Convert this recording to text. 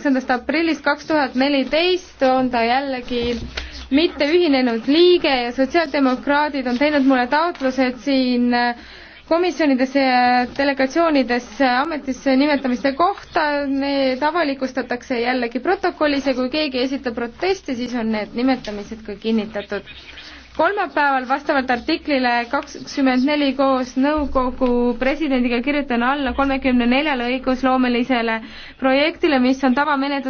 üheksandast aprillist kaks tuhat neliteist on ta jällegi mitte ühinenud liige ja sotsiaaldemokraadid on teinud mulle taotlused siin äh, komisjonidesse ja delegatsioonidesse ametisse nimetamiste kohta, need avalikustatakse jällegi protokollis ja kui keegi esitab proteste, siis on need nimetamised ka kinnitatud kolmapäeval vastavalt artiklile kakskümmend neli koos nõukogu presidendiga kirjutan alla kolmekümne neljale õigusloomelisele projektile, mis on tavamenetlus.